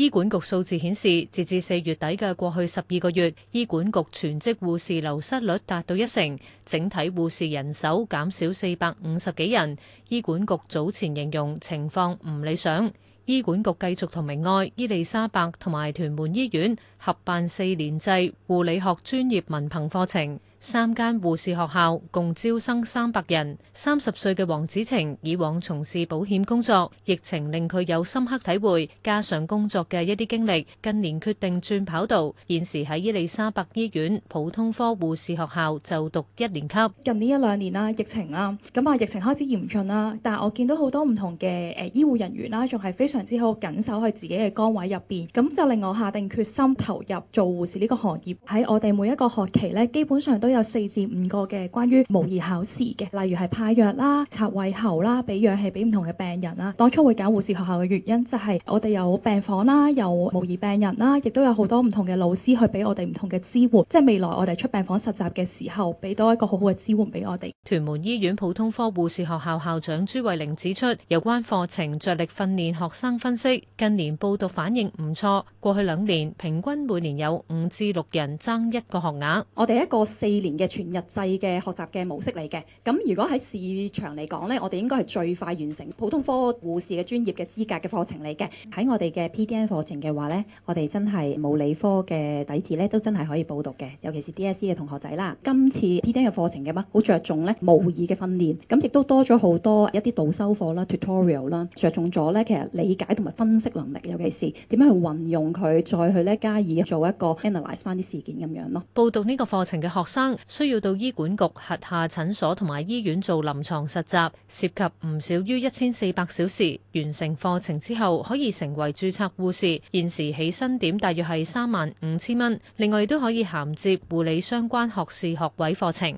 醫管局數字顯示，截至四月底嘅過去十二個月，醫管局全職護士流失率達到一成，整體護士人手減少四百五十幾人。醫管局早前形容情況唔理想。醫管局繼續同明愛、伊麗莎白同埋屯門醫院合辦四年制護理學專業文憑課程。三間護士學校共招生三百人。三十歲嘅黃子晴以往從事保險工作，疫情令佢有深刻體會，加上工作嘅一啲經歷，近年決定轉跑道，現時喺伊利沙伯醫院普通科護士學校就讀一年級。近呢一兩年啦，疫情啦，咁啊，疫情開始嚴峻啦，但係我見到好多唔同嘅誒醫護人員啦，仲係非常之好緊守喺自己嘅崗位入邊，咁就令我下定決心投入做護士呢個行業。喺我哋每一個學期呢，基本上都，都有四至五個嘅關於模擬考試嘅，例如係派藥啦、插胃喉啦、俾氧氣俾唔同嘅病人啦。當初會揀護士學校嘅原因，就係、是、我哋有病房啦，有模擬病人啦，亦都有好多唔同嘅老師去俾我哋唔同嘅支援。即係未來我哋出病房實習嘅時候，俾多一個好好嘅支援俾我哋。屯門醫院普通科護士學校校校長朱慧玲指出，有關課程着力訓練學生分析，近年報讀反應唔錯，過去兩年平均每年有五至六人爭一個學額。我哋一個四。年嘅全日制嘅學習嘅模式嚟嘅，咁如果喺市場嚟講咧，我哋應該係最快完成普通科護士嘅專業嘅資格嘅課程嚟嘅。喺 我哋嘅 PDN 課程嘅話咧，我哋真係冇理科嘅底子咧，都真係可以報讀嘅。尤其是 DSE 嘅同學仔啦，今次 PDN 嘅課程嘅話，好着重咧模擬嘅訓練，咁亦都多咗好多一啲導修課啦、tutorial 啦，着重咗咧，其實理解同埋分析能力，尤其是點樣去運用佢，再去咧加以做一個 analyze 翻啲事件咁樣咯。報讀呢個課程嘅學生，需要到醫管局轄下診所同埋醫院做臨床實習，涉及唔少於一千四百小時。完成課程之後，可以成為註冊護士。現時起薪點大約係三萬五千蚊，另外亦都可以銜接護理相關學士學位課程。